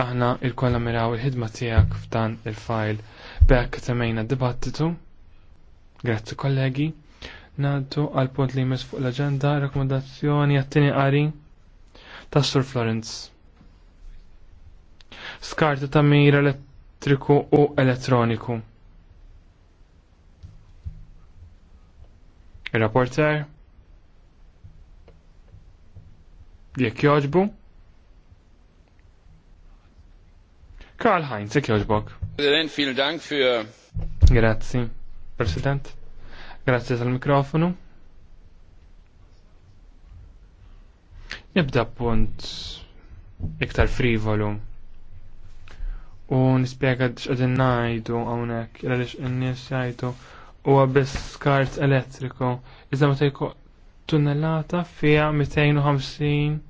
Aħna il-kolla miraw il-ħidma tijak f'dan il-fajl bekk temmejna dibattitu. Grazzi kollegi. Naddu għal punt li jmiss fuq l-agenda rakkomandazzjoni għattini qari ta' Sur Florence. Skarta ta' mir elettriku u elettroniku. Il-rapporter? Jekk joġbu? Karl Heinz, ik Bock. President, vielen Dank für. Grazzi, President. Grazie al mikrofonu Nibda punt iktar frivolu. U nispiega najdu ngħidu hawnhekk għaliex in-nies jgħidu huwa biss kart elettriku iżda meta jkun tunnellata fija 250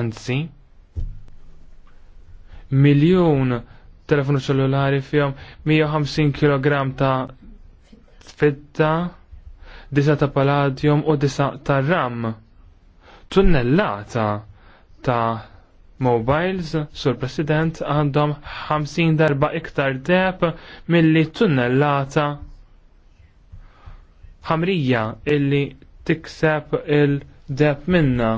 anzi miljun telefonu ċellulari fihom 150 kg ta' fitta, disa ta' palladium u disa ta' ram. Tunnellata ta' mobiles, sur President, għandhom 50 darba iktar deb milli tunnellata ħamrija illi tikseb il-deb minna.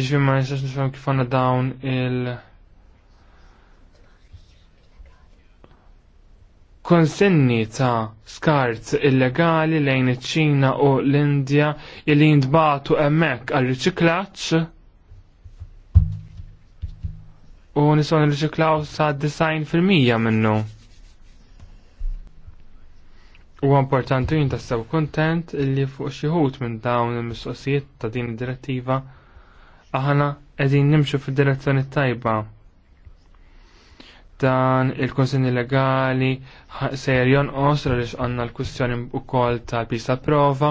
Iġvi ma nistax nifhem kif għandna dawn il- konsenni ta' skart illegali lejn iċ-Ċina u l-Indja li jintbatu hemmhekk għal riċiklaġġ u nison riċiklaw sa' 90% minnu. U importanti jintassaw kontent li fuq xi ħut minn dawn il-mistoqsijiet ta' din id-direttiva aħna qegħdin nimxu fid-direzzjoni tajba. Dan il-konsenni legali sejjer jonqos għaliex għandna l-kwistjoni wkoll tal-pista prova.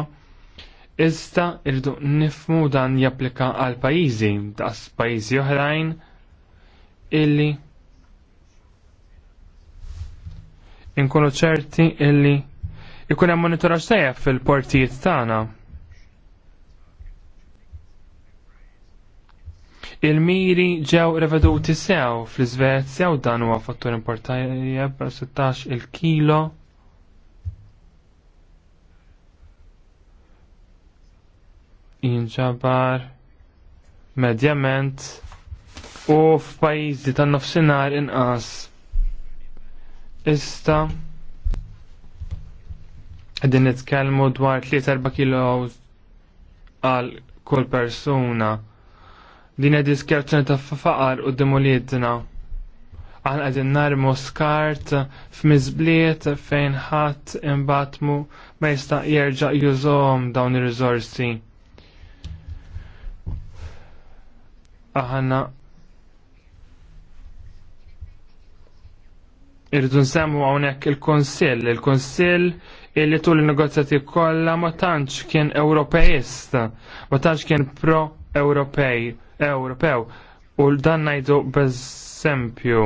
Iżda irdu nifmu dan japplika għal pajjiżi daqs pajjiżi oħrajn illi inkunu ċerti illi ikun hemm monitoraġġ fil-portijiet tagħna. Il-miri ġew reveduti sew fl-Iżvezja u dan huwa fattur importanti per 16 il-kilo. inġabar medjament u f'pajjiżi tan-nofsinhar inqas. Ista' qegħdin nitkellmu dwar 3-4 kilo għal kull persuna Din nedi diskjazzjoni ta' faqar u demolietna. Għan għadin narmu skart f'mizbliet fejn ħadd imbatmu ma jista' jerġa' jużom dawn ir rizorsi Aħna irridu nsemmu hawnhekk il kunsill il kunsill illi tul il-negozjati kollha ma tantx kien Ewropejist, ma tantx kien pro-Ewropej. Ewropew. U l-dan najdu b'eżempju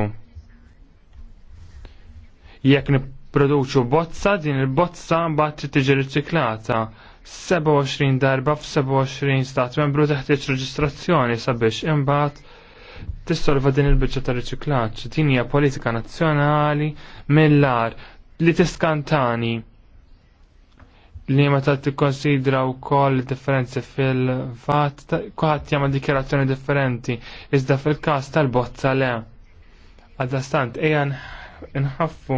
jekk nipproduċu bozza, din il-bozza mbagħad tiġi riċiklata 27 darba f'27 stat membru teħtieġ reġistrazzjoni sabiex imbagħad tissolva din il-biċċa ta' riċiklaġġ. Din hija politika nazzjonali mill-ar li tiskantani li ma ta' tikkonsidra wkoll differenzi fil fat kuħat jagħmel dikjerazzjoni differenti, iżda fil-każ tal-bozza le. Għadastant, ejja nħaffu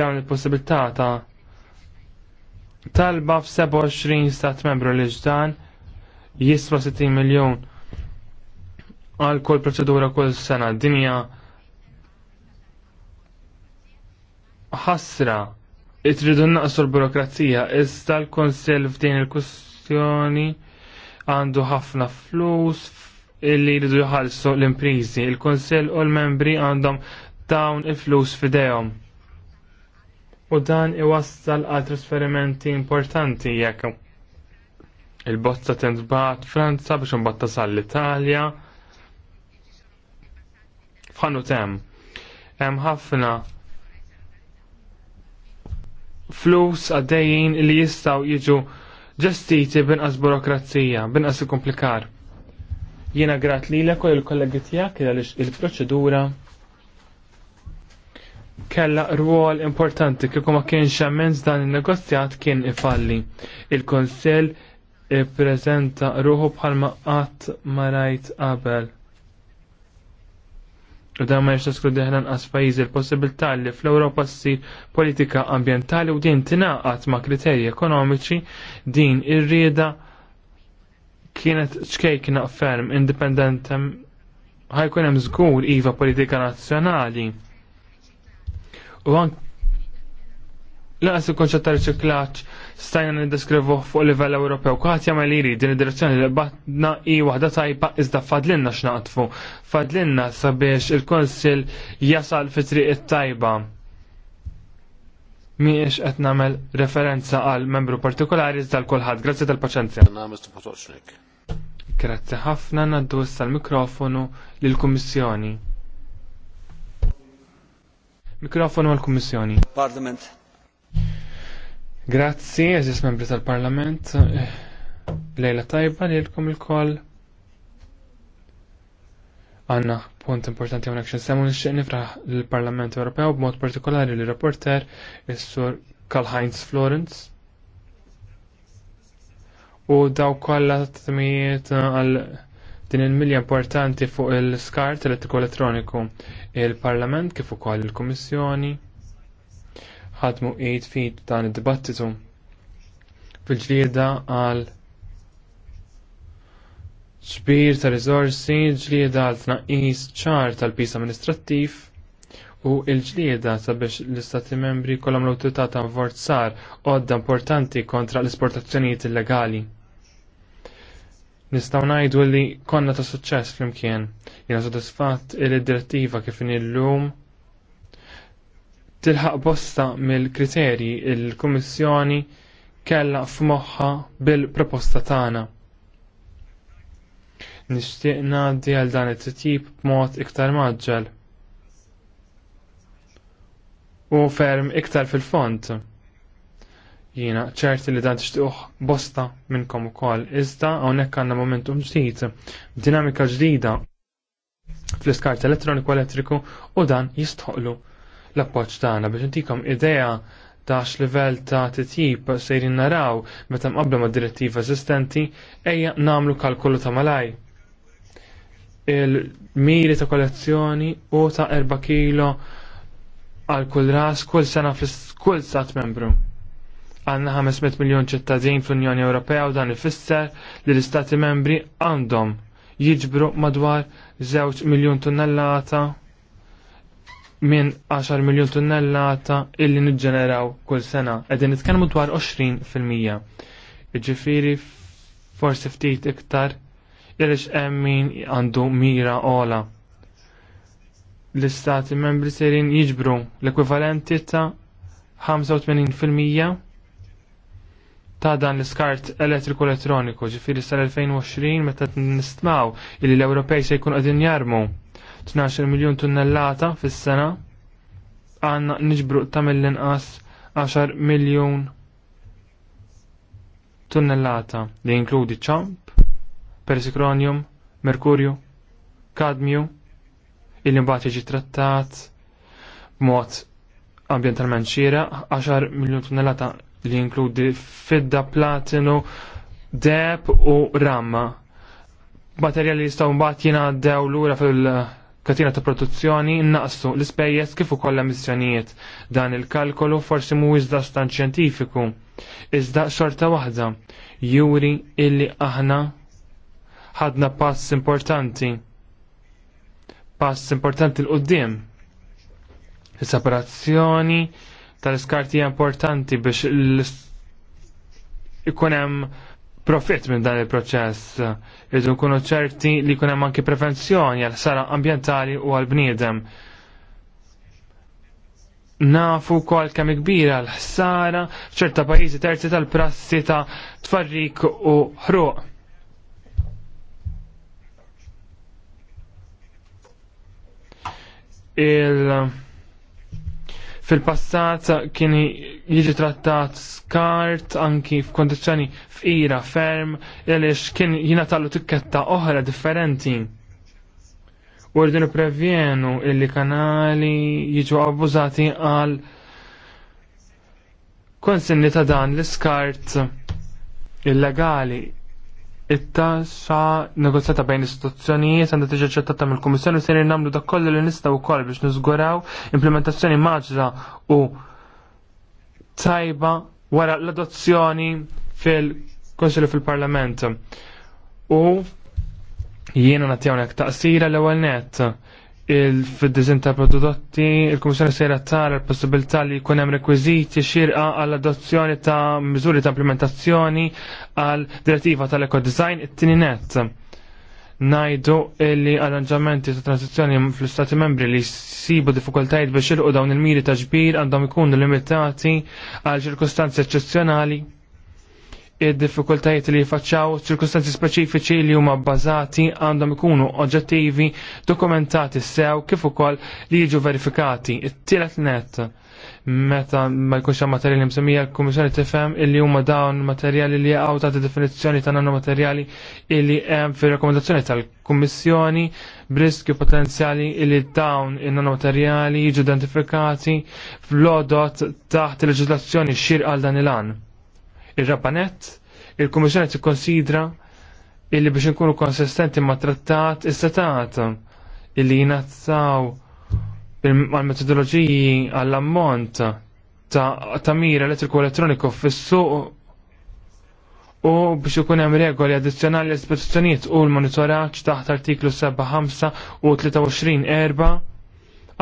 dawn il-possibilità ta' talba f-27 stat membru li ġdan jiswa 60 miljon għal kull proċedura kull sena dinja ħasra Itridu naqsu l-burokrazija, iżda l-Konsil f'din il-kustjoni għandu ħafna flus illi jridu jħallsu l-imprizi. Il-Konsil u l-membri għandhom dawn il-flus fidejhom. U dan iwassal għal trasferimenti importanti jekk il-bozza tintbat Franza biex imbatta sal-Italja. F'ħanu tem. Hemm ħafna flus għaddejjin li jistaw jiġu ġestiti binqas burokrazija, binqas komplikar. Jiena grat li l-ekol il-kollegi tijak il-proċedura kella rwol importanti kieku ma kienx xammenz dan il-negozjat kien ifalli. il i ippreżenta ruħu bħalma qatt ma rajt qabel. U da ma jiex tkun deħlan qas pajjiżi l-possibilità li fl-Ewropa sir politika ambjentali u din tinaqat ma' kriterji ekonomiċi din ir-rieda kienet ċkejkna ferm independentem ħajkun hemm żgur iva politika nazzjonali. U anke laqas il konċetta ta' riċiklaġġ stajna niddeskrivu fuq livell Ewropew. Katja ma liri din id-direzzjoni li batna i waħda tajba iżda fadlinna x'naqtfu. Fadlinna sabiex il-Konsil jasal fi triq it-tajba. Miex qed nagħmel referenza għal membru partikolari iżda l kulħadd. Grazzi tal-paċenzja. Grazzi ħafna naddu issa l-mikrofonu lill-Kummissjoni. Mikrofonu għall-Kummissjoni. Parlament. Grazzi, eżis membri tal-Parlament. Lejla tajba li l-kom il-koll. Għanna, punt importanti għonek xinsemmu nixxieq fraħ l-Parlament Ewropew b'mod partikolari li rapporter is-sur Karl-Heinz Florence. U daw kollha t-tmijiet għal din il-milja importanti fuq il-skart elettriku elettroniku. Il-Parlament kif ukoll il-Kummissjoni. il parlament kif ukoll il parlament kif ukoll il kummissjoni ħadmu id fi dan id-dibattitu fil-ġlieda għal ġbir ta' rizorsi, ġlieda għal tnaqqis ċar tal-pis amministrattiv u il-ġlieda sabiex l-istati membri kolom l-autorità ta' sar għodda importanti kontra l-esportazzjonijiet illegali. Nistaw najdu li konna ta' suċċess flimkien. Jena sodisfatt il-direttiva kif in il-lum lum tilħaq bosta mill-kriterji il-Kummissjoni kellha f'moħħa bil-proposta tagħna. Nixtieq ngħaddi għal dan it-tip b'mod iktar maġġel. U ferm iktar fil-font. Jiena ċerti li dan tixtieq bosta minnkom ukoll, iżda hawnhekk għandna momentum ġdid, dinamika ġdida fl-iskart elettroniku elettriku u dan jistħoqlu l-appoġġ tagħna biex intikom idea ta' x-level ta' titjib sejrin naraw meta mqabla ma' direttiva esistenti ejja namlu kalkulu ta' malaj. Il-miri ta' kollezzjoni u ta' 4 kilo għal kull ras kull sena kull stat membru. Għanna 500 miljon ċittadin fl-Unjoni Ewropea u dan ifisser li l-Istati membri għandhom jiġbru madwar 2 miljon tonnellata minn 10 miljon tunnellata illi niġġeneraw kull sena. Qegħdin nitkellmu dwar 20 fil-mija. Jiġifieri forsi ftit iktar għaliex hemm min għandu mira ola. L-istati membri serin jiġbru l-ekwivalenti ta' 85% ta' dan l-iskart elettriku elettroniku ġifiri sal-2020 meta nistmaw illi l-Ewropej se jkun qegħdin jarmu 12 miljon tunnellata fis-sena għanna niġbru ta' mill-inqas 10 miljon tunnellata li jinkludi ċamp, persikronium, merkurju, kadmju, il mbagħad jiġi trattat mod ambjentalment xira, 10 miljon tunnellata li jinkludi fidda, platinu, deb u ramma. Materjali jistgħu mbagħad jingħaddew lura fil- katina ta' produzzjoni naqsu l-ispejjeż kif ukoll emissjonijiet. Dan il-kalkolu forsi mhuwiex dastan xjentifiku. Iżda xorta waħda juri illi aħna ħadna pass importanti. Pass importanti l qudiem Is-separazzjoni tal-iskarti importanti biex ikun hemm profitt minn dan il-proċess. Irridu nkunu ċerti li jkun hemm anke prevenzjoni għal sara ambjentali u għal bniedem. Nafu kol kemm kbira l-ħsara f'ċerta pajjiżi terzi tal-prassi ta' tfarrik u ħruq. il- Fil-passat kien jiġi trattat skart anki f'kondizzjoni f'ira ferm għaliex kien tallu tikketta oħra differenti. U rridu nipprevjenu illi kanali jiġu abbużati għal konsenni ta' dan l-iskart illegali it-taxxa negozjata bejn istituzzjonijiet għandha tiġi ċettata mill-Kummissjoni se nagħmlu dak kollu li nistgħu wkoll biex niżguraw implementazzjoni maġra u tajba wara l-adozzjoni fil-Konsilju fil-Parlament. U jiena nagħti hawnhekk taqsira l-ewwel nett il-dizin ta' prodotti, il-Komissjoni sejra tara l-possibilità li jkun hemm rekwiżiti xirqa għall adozzjoni ta' miżuri ta' implementazzjoni għal direttiva tal ekodizajn it-tieni net. Najdu li arranġamenti ta' transizzjoni fl-Stati membri li jsibu diffikultajiet biex ilqu dawn il-miri ta' ġbir għandhom ikunu limitati għal ċirkustanzi eccezzjonali id-diffikultajiet li jfaċċaw ċirkustanzi speċifiċi li huma bbażati għandhom ikunu oġġettivi dokumentati sew kif ukoll li jiġu verifikati. It-tielet net meta ma jkunx hemm materjali msemmija l-Kummissjoni tifhem illi huma dawn materjali li jaqgħu tagħti definizzjoni ta' nano materjali illi hemm fir-rakkomandazzjoni tal-Kummissjoni b'riskju potenzjali illi dawn in-nano materjali jiġu identifikati fl-odot taħt il-leġislazzjoni xir għal dan il-an Ir-rabanet, il-Kummissjoni tikkonsidra illi biex nkunu konsistenti ma' trattat istatat illi jinazzaw il metodoloġiji għall-ammont ta' tamira elettriku elettroniku fis-suq u biex ikun hemm regoli addizzjonali l-istituzzjonijiet u l-monitoraġġ taħt artiklu 7.5 u 23.4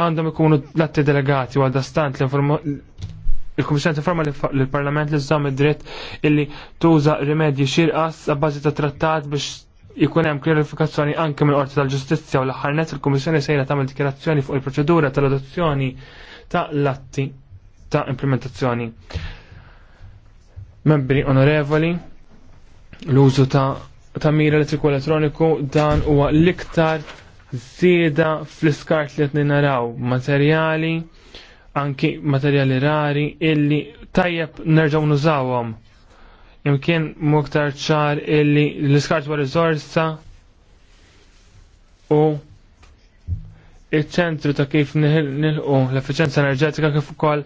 għandhom ikunu l-atti delegati u għadastant l-informazzjoni il-Kummissjoni tinforma lill-Parlament li żżomm id-dritt illi tuża rimedji xirqas abbażi ta' trattat biex jkun hemm klarifikazzjoni anke mill qorti tal-Ġustizzja u l-aħħar nett il-Kummissjoni sejra tagħmel dikjerazzjoni fuq il-proċedura tal-adozzjoni ta' l-atti ta' implementazzjoni. Membri onorevoli, l-użu ta' li elettriku elettroniku dan huwa l-iktar zieda fl-iskart li qed naraw materjali anki materjali rari illi tajjeb nerġaw nużawhom. Imkien muktar ċar illi l iskarġwa wa rizorsa u il-ċentru ta' kif nilqu l-efficienza enerġetika kif ukoll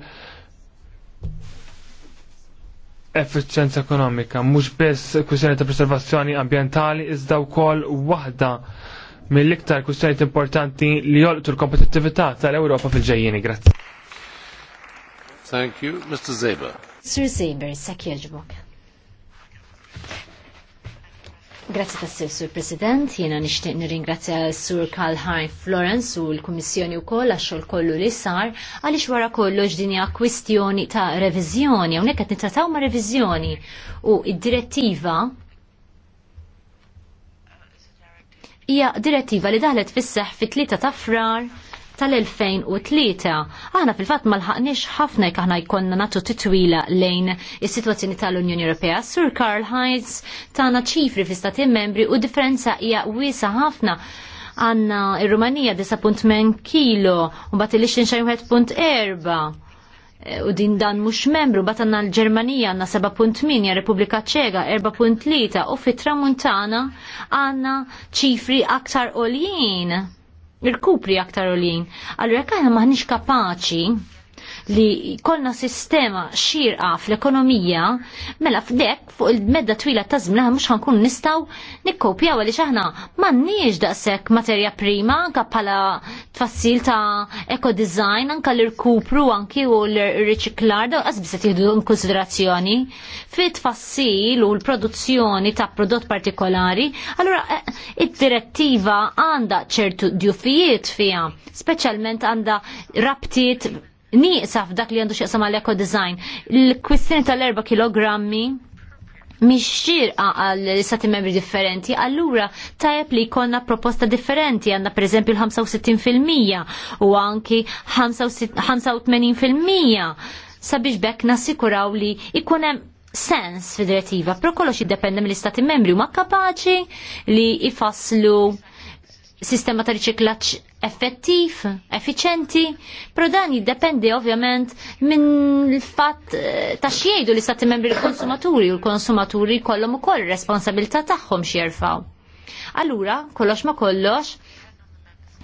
efficienza ekonomika, mhux biss kwistjoni ta' preservazzjoni ambjentali iżda wkoll waħda mill-iktar kwistjonijiet importanti li jolqtu l-kompetittività tal-Ewropa fil-ġejjieni. Grazzi. Thank you. Mr. Zeber. Sir Zeber, sekk jogħġbok. Grazie tassew, Sur President. Jena nishtiq nirringrazzja Sur Karl Heinz Florence u l-Kummissjoni u koll għaxol kollu li sar għalix wara kollu ġdinja kwistjoni ta' revizjoni, unek għet nitrataw ma' revizjoni u id-direttiva hija direttiva li daħlet fis seħħ fit-3 ta' frar tal-2003. Aħna fil-fatt ma lħaqniex ħafna jekk aħna jkollna nagħtu titwila lejn is-sitwazzjoni tal-Unjoni Ewropea. Sur Karl Heinz tagħna ċifri fi stati membri u differenza hija wiesa ħafna għanna ir-Rumanija 9.8 kilo u bat il-Liechtenstein u din dan mhux membru bat għanna l-Ġermanija għanna 7.8, Repubblika Ċega 4.3 u fit tramuntana għanna ċifri aktar oljien irkupri aktar u lin. Allura jekk aħna maħniex kapaċi li kolna sistema xirqa fl-ekonomija, mela f'dek fuq il-medda twila ta' żmien mhux ħankun nistgħu nikkopjaw għaliex aħna m'għandniex daqshekk materja prima anke bħala tfassil ta' eco design anke l-irkupru anki u l-riċiklar daw qas biset jieħdu konsiderazzjoni fit tfassil u l-produzzjoni ta' prodott partikolari, allura eh, id-direttiva għandha ċertu djufijiet fija, speċjalment għandha rabtiet nieqsaf dak li għandu xieqsam għal eco-design. il kwistin tal-4 kilogrammi miex xirqa għal stati membri differenti, allura tajab li jkollna proposta differenti, għanna per eżempju l-65% u anki 85% sabiex bekk nasikuraw li ikunem sens federativa, pro kollox jiddependi mill-istati membri u ma kapaċi li jfasslu sistema ta' riċiklaċ effettiv, efficienti, pero dan jiddependi ovvjament minn il-fatt eh, ta' xiejdu li stati membri l-konsumaturi u l-konsumaturi kollom u koll responsabilta tagħhom xjerfaw. Allura, kollox ma kollox,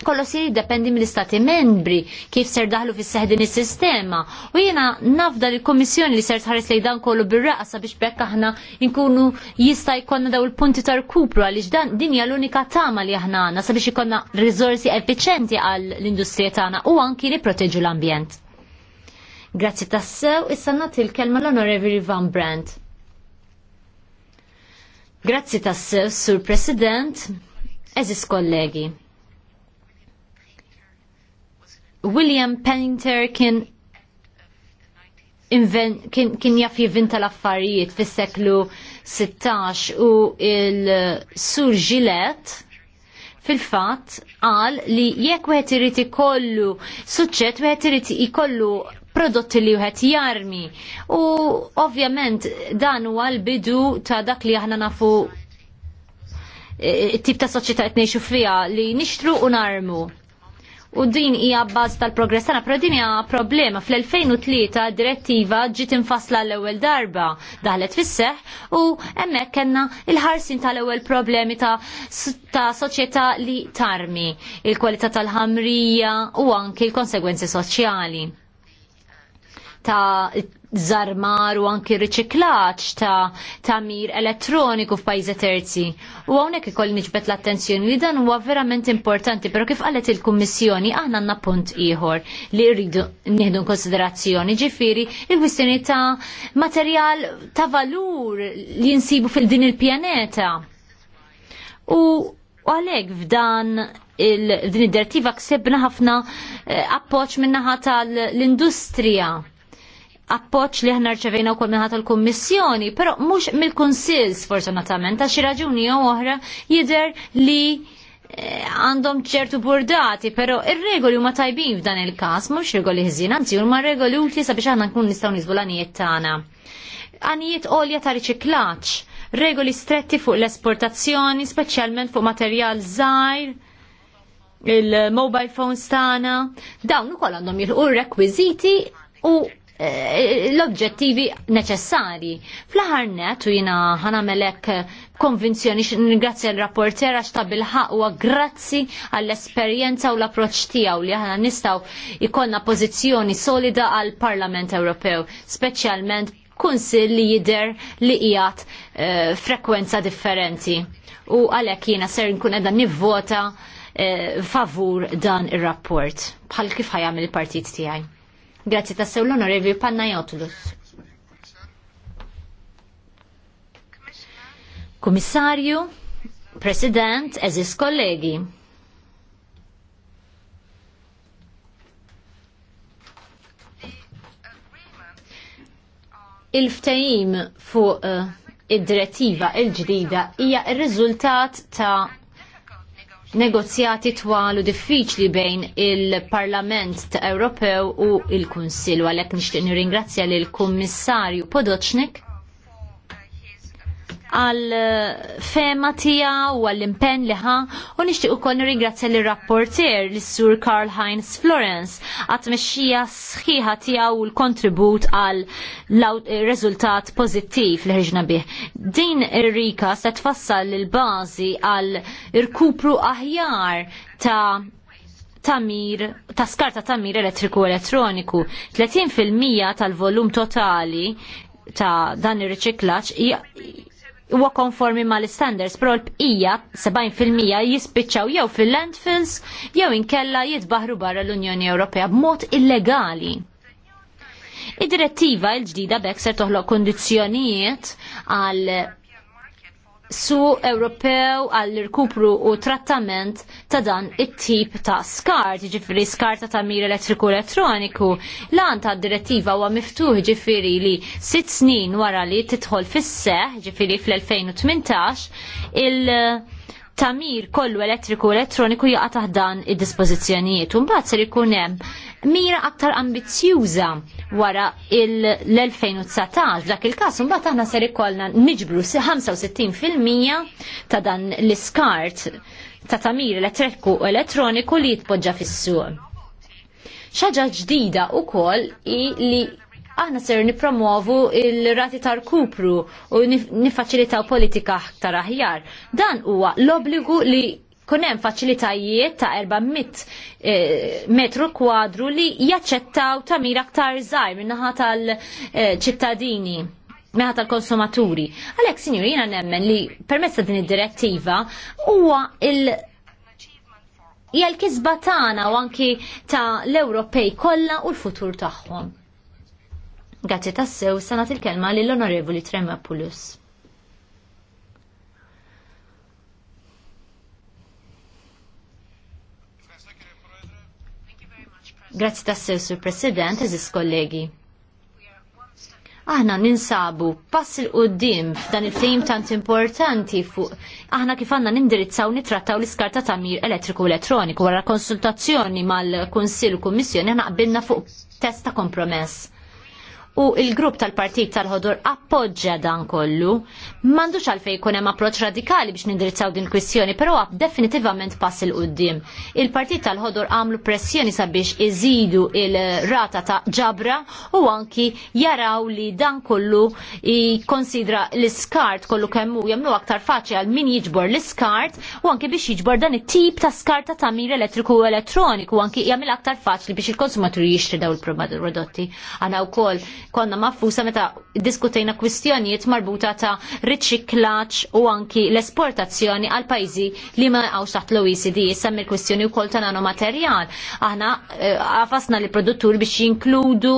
Kollo se jiddependi mill-istati membri kif ser daħlu fis seħdin is-sistema. U jiena nafda li l-Kummissjoni li ser tħares lejn dan kollu bir raqsa biex bekk aħna nkunu jista' jkollna daw il-punti ta' rkupru għaliex dan din hija l-unika tama li aħna għandna sabiex ikollna riżorsi effiċenti għal l-industrija tagħna u anki li proteġu l-ambjent. Grazzi tassew, issa nagħti l-kelma l-Onorevoli Van Brandt. Grazzi tassew, Sur President, eżis kollegi William Painter kien inven, kien, kien jaff jivvinta l-affarijiet fis-seklu 16 u il-Sur Gillette fil-fatt qal li jekk wieħed irid ikollu suċċett wieħed irid ikollu prodotti li wieħed jarmi. U ovvjament dan huwa l-bidu ta' dak li aħna nafu eh, it-tip ta' soċieta' etnejxu ngħixu fiha li nixtru u narmu u din hija bbaż tal-progress tagħna, però din hija problema. Fl-2003 direttiva ġiet infasla l-ewwel darba daħlet fis-seħ u hemmhekk kellna il-ħarsin tal-ewwel problemi ta', ta soċjetà li tarmi, il-kwalità tal-ħamrija u anke l-konsegwenzi soċjali ta' żarmar u anki riċiklaġġ ta' tamir elettroniku f'pajjiżi terzi. U hawnhekk ikoll niġbet l-attenzjoni li dan huwa verament importanti, però kif qalet il-Kummissjoni aħna għandna punt ieħor li rridu nieħdu konsiderazzjoni ġifieri il-kwistjoni ta' materjal ta' valur li jinsibu fil-din il-pjaneta. U għalhekk għalek f'dan il-din id-direttiva ksebna ħafna eh, appoċ minnaħa tal-industrija appoċ li ħna rċevejna wkoll minħata l-Kummissjoni, però mhux mill konsils sfortunatament ta' xi raġuni jew oħra jidher li eh, għandhom ċertu burdati, pero ir-regoli huma tajbin f'dan il-każ, mhux regoli ħżin, anzi huma regoli utli sabiex aħna nkun nistgħu niżbu l-għanijiet tagħna. Għanijiet għolja ta' riċiklaġġ, regoli stretti fuq l-esportazzjoni, speċjalment fuq materjal żgħir, il-mobile phones tagħna, dawn ukoll għandhom jilħu rekwiżiti u Eh, l-obġettivi neċessari. fl aħħar net, u jina ħanamelek konvinzjoni ringrazzja l-rapporter għax ta' bilħaq u grazzi għall-esperjenza u l-approċ tiegħu li aħna nistgħu jkollna pożizzjoni solida għall parlament Ewropew, speċjalment kunsil li jider li qiegħed eh, frekwenza differenti. U għalhekk jiena ser nkun qed nivvota eh, favur dan ir-rapport bħal kif ħajam il-partit tiegħi. Grazie tassew l l-onorevi Pannajotlus. Komissarju, President, eżis kollegi. Il-ftajim fuq uh, id-direttiva il-ġdida hija il riżultat ta' negozjati twal u diffiċli bejn il-Parlament Ewropew u il-Kunsill għalhekk nixtieq nirringrazzja lill-Kummissarju Podoċnik għal fema tija u għall impenn u ħa u nixtieq ukoll nirringrazzja lir rapporter lis sur Karl Heinz Florence għat meċxija sħiħa tiegħu u l-kontribut għal riżultat pożittiv li ħriġna bih. Din ir-rika se tfassal l bażi għal irkupru aħjar ta' tamir, ta' skarta tamir elettriku u elettroniku. 30% tal-volum totali ta' dan ir-riċiklaġġ huwa konformi mal standards pro l-bqija 70% jispiċċaw jew fil-landfills jew inkella jitbaħru barra l-Unjoni Ewropea b'mod illegali. Id-direttiva l-ġdida bekser toħloq kondizzjonijiet għal su Ewropew għall-irkupru u trattament ta' dan it-tip ta' skar, ġifiri skar ta' tamir elettriku elettroniku. Lan ta' direttiva huwa miftuħ ġifiri li sitt snin wara li titħol fis-seħ, ġifiri fl-2018, il- tamir kollu elettriku elettroniku jaqa' dan id-dispożizzjonijiet. u mbagħad ser ikun hemm mira aktar ambizjuża wara l-2019 dak il-każ mbagħad aħna ser ikollna niġbru 65% ta' dan l-iskart ta' tamir elettriku elettroniku li jitpoġġa fis-suq. Xaġa ġdida u koll li aħna ser nipromovu il-rati tar kupru u nifaċilitaw politika aktar aħjar. Dan huwa l-obligu li kunem faċilitajiet ta' 400 eh, metru kwadru li jaċċettaw ta' mira aktar zaħir minnaħa tal-ċittadini meħat tal-konsumaturi. Għalek, sinjur jina nemmen li permessa din id-direttiva huwa il- Jgħal l-kisba tagħna u anki ta' l-Ewropej kollha u l-futur tagħhom. Grazzi tassew sanat il-kelma lill-Onorevoli Tremapulus. Grazzi tassew, Sur President, eżis kollegi. Aħna ninsabu pass il-qoddim f'dan il-fejm tant importanti fuq aħna kif għandna nindirizzaw nitrattaw l-iskarta ta' mir elettriku elettroniku wara konsultazzjoni mal-Kunsill u Kummissjoni għana qbilna fuq test ta' kompromess u il-grupp tal-partit tal-ħodur appoġġja dan kollu. M'għandux għalfejn jkun hemm approċċ radikali biex nindirizzaw din kwistjoni, però definitivament pass il qudiem Il-partit tal-ħodur għamlu pressjoni sabiex iżidu il-rata ta' ġabra u anki jaraw li dan kollu jikonsidra l-iskart kollu kemm hu jagħmlu aktar faċli għal min jiġbor l-iskart u anki biex jiġbor dan it-tip ta' skart ta' tamir elettriku u elettroniku u anki jgħamil aktar faċli biex il-konsumaturi jixtri daw il-prodotti. Għana wkoll konna maffusa meta diskutejna kwistjonijiet marbuta ta' riċiklaċ u anki l-esportazzjoni għal pajzi li ma għaw saħt l-OECD jissam il kwistjoni u kol ta' nanomaterjal. Aħna eh, għafasna li produttur biex jinkludu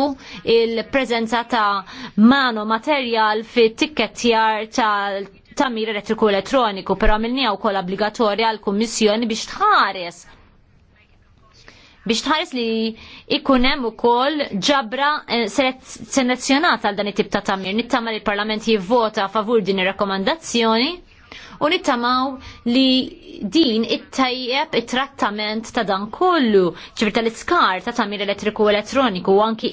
il-prezenza ta' materjal fi tikketjar ta' tamir elettriku elettroniku, pero għamilni għaw kol obbligatorja għal-Kommissjoni biex tħares biex tħares li ikun hemm ukoll ġabra eh, selezzjonata għal dan it-tip ta' tamir. Nittama li l-Parlament jivvota favur din ir-rakkomandazzjoni u nittamaw li din it-tajjeb it-trattament ta' dan kollu, ċivir tal-iskar ta' tamir elettriku u elettroniku u anki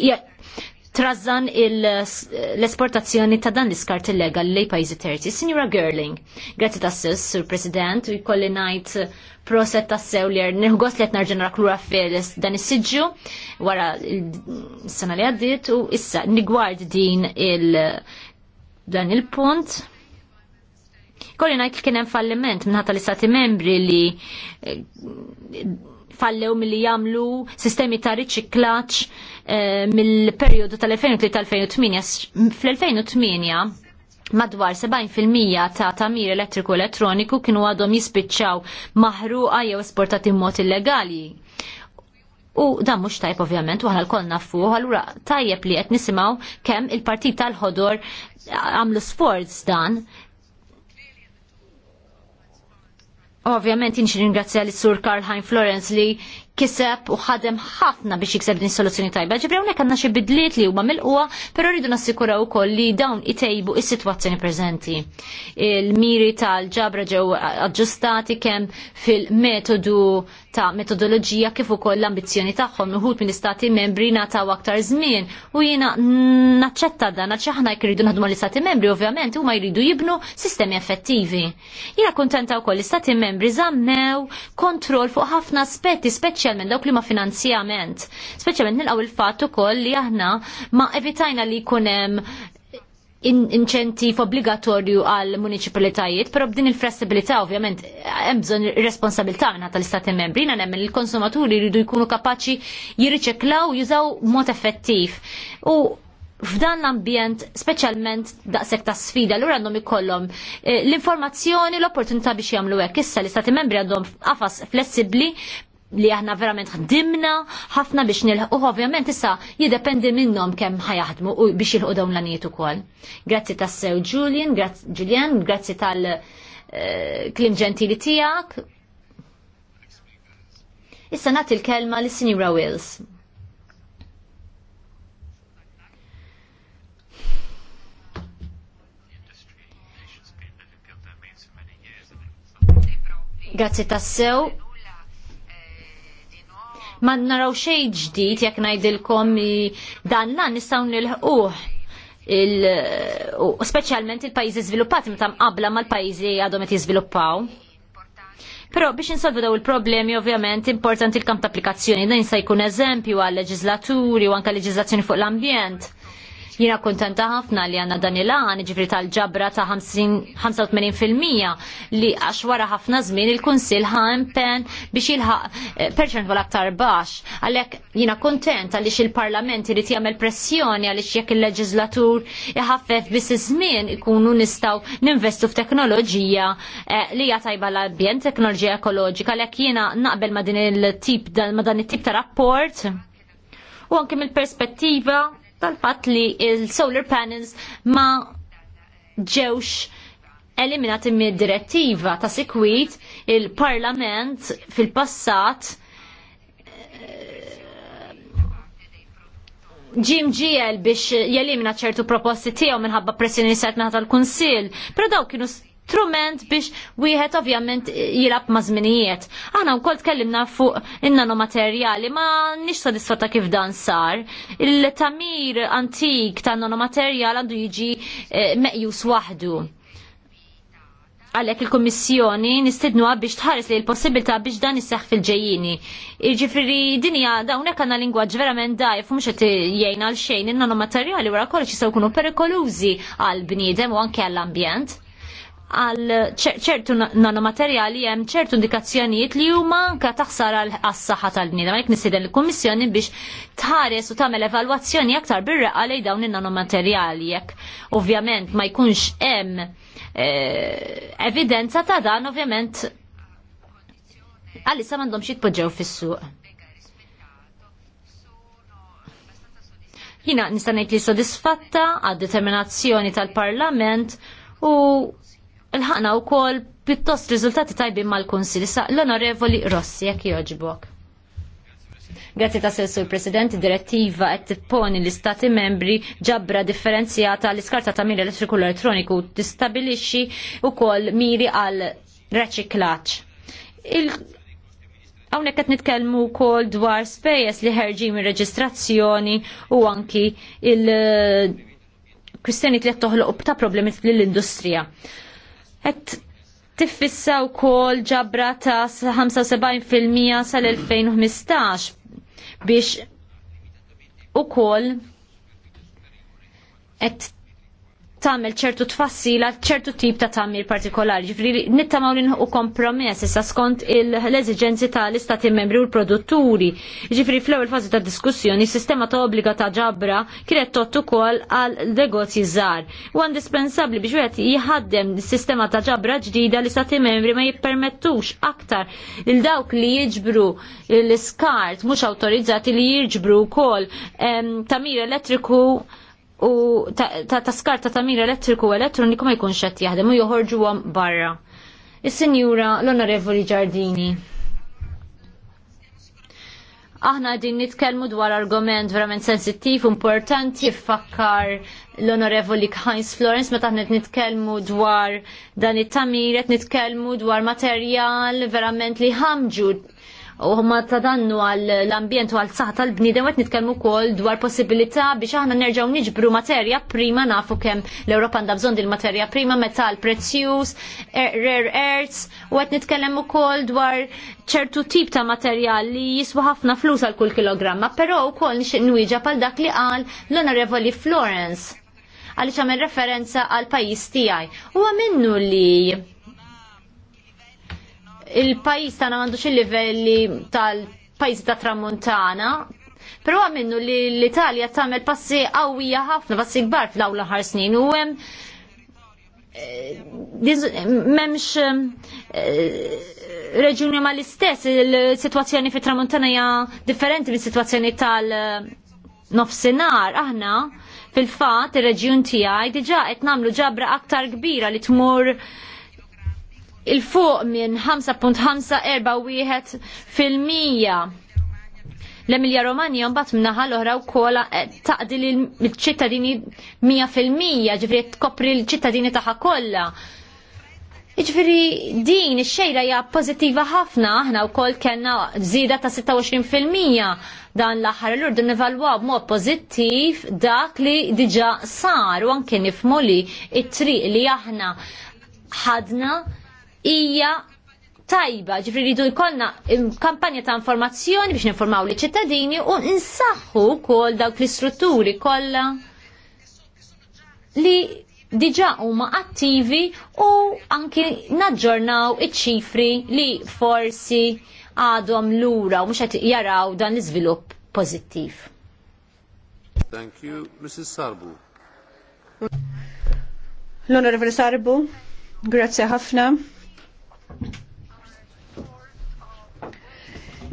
trazzan l-esportazzjoni ta' dan l-iskart illegal li pajjiżi terzi. Signora Gerling, grazzi sess, Sur President, u jkolli najt proset sew li er- nħugos li narġen raklura fil dan is-sidġu wara s-sena li għaddit u issa nigward din il dan il-punt. Kolli najt li kienem falliment minnata l-istati membri li eh, fallew milli jagħmlu sistemi ta' riċiklaġġ eh, mill-perjodu tal-2003-2008. Fl-2008 madwar 70% ta' tamir elettriku elettroniku kienu għadhom jispiċċaw maħruqa jew esportati mod illegali. U dan mhux tajb ovvjament, waħna l-koll nafu, allura tajjeb li qed nisimgħu kemm il-partit tal-ħodor għamlu sforz dan Ovvjament inxi ringrazzja l-Sur Karl Hein Florence li kiseb u ħadem ħafna biex jikseb din soluzzjoni tajba. Ġibri hawnhekk għandna xi bidliet li huma milquha, però rridu nassikuraw ukoll li dawn itejbu is-sitwazzjoni preżenti. Il-miri tal-ġabra ġew aġġustati kemm fil-metodu ta' metodoloġija kif ukoll l-ambizzjoni tagħhom uħud minn istati membri nataw aktar żmien u jiena naċċetta dan għal xi ħna jridu naħdmu l-istati membri ovvjament huma jridu jibnu sistemi effettivi. Jiena kuntenta wkoll l-istati membri żammew kontroll fuq ħafna aspetti speċjali specialment dawk li ma finanzjament. Speċjalment nilqgħu il-fatt ukoll li aħna ma evitajna li jkun hemm inċentif obbligatorju għal municipalitajiet, pero b'din il-flessibilità ovvjament hemm bżonn responsabilità minn tal-istati membri, jiena nemmen il-konsumaturi jridu jkunu kapaċi jirriċeklaw jużaw mod effettiv. U f'dan l-ambjent speċjalment daqshekk ta' sfida l għandhom ikollhom eh, l-informazzjoni l-opportunità biex jagħmlu hekk. Issa l-istati membri għandhom qafas flessibbli li aħna verament ħdimna ħafna biex nilħu ovvjament issa jiddependi minnhom kemm ħajaħdmu u biex jilħu dawn l-anijiet ukoll. Grazzi tassew Julian, Julian, grazzi tal eh, klim ġentili tiegħek. Issa nagħti l kelma lis sinjura Wills. Grazzi tassew ma naraw xejn ġdid jekk ngħidilkom dan lan nistgħu nilħquh il speċjalment il-pajjiżi żviluppati meta mqabbla mal-pajjiżi għadhom qed jiżviluppaw. Però biex insolvu daw il-problemi ovvjament importanti il-kamp ta' applikazzjoni, dan se jkun eżempju għal leġislaturi u anke leġislazzjoni fuq l-ambjent Jina kontenta ħafna li għanna dan il-għan, ġifri tal-ġabra ta' 85% li għax wara ħafna żmien il-Kunsil pen biex jilħaq għal eh, aktar bax. Għalek jina kontenta li il-Parlament irid jagħmel pressjoni għaliex jekk il-leġislatur iħaffef biss iż-żmien ikunu nistgħu ninvestu f'teknoloġija eh, li hija tajba l-ambjent, teknoloġija ekoloġika, għalhekk jiena naqbel ma' din il-tip ma' dan it-tip ta' rapport u anke mill-perspettiva tal-fatt li il-solar panels ma ġewx eliminati mid-direttiva ta' sikwit il-parlament fil-passat Jim eh, ġiel biex jelimina ċertu proposti tiegħu minħabba pressjoni sajt meħat tal kunsill pero daw kienu strument biex wieħed ovvjament jilab ma' żminijiet. Aħna wkoll tkellimna fuq in-nano materjali ma nix sodisfatta kif dan sar. Il-tamir antik ta' nano materjal għandu jiġi eh, meqjus waħdu. Għalhekk il-Kummissjoni nistidnuha biex tħares li l-possibilità biex dan isseħħ fil-ġejjini. Jiġifieri dinja hawnhekk għandna lingwaġġ verament dajf mhux qed jgħin għal xejn in-nanomaterjali wara kollox jistgħu jkunu perikolużi għall bniedem u anke għall-ambjent għal ċertu nanomaterjali hemm ċertu indikazzjonijiet li huma anke taħsara għas-saħħa tal-bniedem. Għalhekk nisiden il-Kummissjoni biex tħares u tagħmel evalwazzjoni aktar bir-reqqa lejn dawn in-nanomaterjali jekk ovvjament ma jkunx hemm eh, evidenza ta' dan ovvjament għalissa m'għandhomx jitpoġġew fis-suq. Jina ngħid li sodisfatta għad determinazzjoni tal-Parlament u l-ħana u kol pittost rizultati tajbin mal-Kunsil. Sa l-Onorevoli Rossi, jek joġbok. Grazzi ta' sessu il-President, direttiva qed tipponi l-Istati membri ġabra differenzjata l-iskarta ta' miri elettriku elettroniku tistabilixxi wkoll miri għal reċiklaġġ. Il Hawnhekk qed nitkellmu wkoll dwar spejjeż li ħerġin minn reġistrazzjoni u anki il-kwistjoni tliet toħloq ta' problemi lill-industrija. Et tiffissa u kol ġabra ta' 75% sal-2015 biex u kol et tagħmel ċertu tfassila ċertu tip ta' tagħmir partikolari. Ġifri nittamaw li kompromess issa skont l-eżigenzi tal-istati membri u l-produtturi. Ġifri fl-ewwel fażi ta' diskussjoni sistema ta' obbliga ta' ġabra kienet tott ukoll għal negozji żgħar. U indispensabbli biex wieħed jħaddem sistema ta' ġabra ġdida l-istati membri ma jippermettux aktar il dawk li jiġbru l-iskart mhux awtorizzati li jiġbru wkoll tamir elettriku u ta' taskarta ta' mir elettriku u elettroniku ma jkunx qed jaħdem u joħorġuhom barra. Is-Sinjura l-Onorevoli Ġardini. Aħna din nitkellmu dwar argument verament sensittiv, importanti, jiffakkar l-onorevoli Heinz Florence meta qed nitkellmu dwar dan it-tamir, qed nitkellmu dwar materjal verament li ħamġu u ta'dannu għall-ambjent u għall-saħħa tal-bniedem qed nitkellmu wkoll dwar possibilità biex aħna nerġgħu niġbru materja prima nafu kemm l-Ewropa għandha bżonn din materja prima metall prezzjuż, e, rare earths u qed nitkellem ukoll dwar ċertu tip ta' materjal li jiswa ħafna flus għal kull kilogramma, però wkoll nixtieq nwieġa pal dak li qal l-Onorevoli Florence għaliex għamel referenza għal pajjiż tiegħi. Huwa minnu li il-pajis tana mandux il-livelli tal-pajis ta' tramontana, pero għamennu li l-Italja tamel passi għawija ħafna, passi gbar fl-għaw laħar snin, u għem eh, memx eh, reġuni ma l-istess, il-situazzjoni fi tramontana ja differenti minn situazzjoni tal-nofsenar, aħna fil-fat il-reġjun tijaj diġa etnamlu ġabra aktar kbira li tmur il-fuq minn 5.541 fil-mija. L-Emilia Romagna mbagħad minnaħa l-oħra wkoll eh, taqdi l-ċittadini 100% ġifri tkopri l-ċittadini tagħha kollha. Ġifri din ix-xejra hija pożittiva ħafna aħna wkoll kellna zida ta' 26% dan l-aħħar l-urdu nivalwaw b'mod pożittiv dak li diġà sar u anke nifmu li t triq li aħna ħadna hija tajba, ġifri du jkollna kampanja ta' informazzjoni biex informaw li ċittadini u nsaħħu kol dawk l strutturi kollha li diġa huma attivi u anki naġġornaw iċ-ċifri li forsi għadhom lura u mhux qed jaraw dan l-iżvilupp pożittiv. Thank you, Mrs. Sarbu. L-Onorevole Sarbu, grazie ħafna.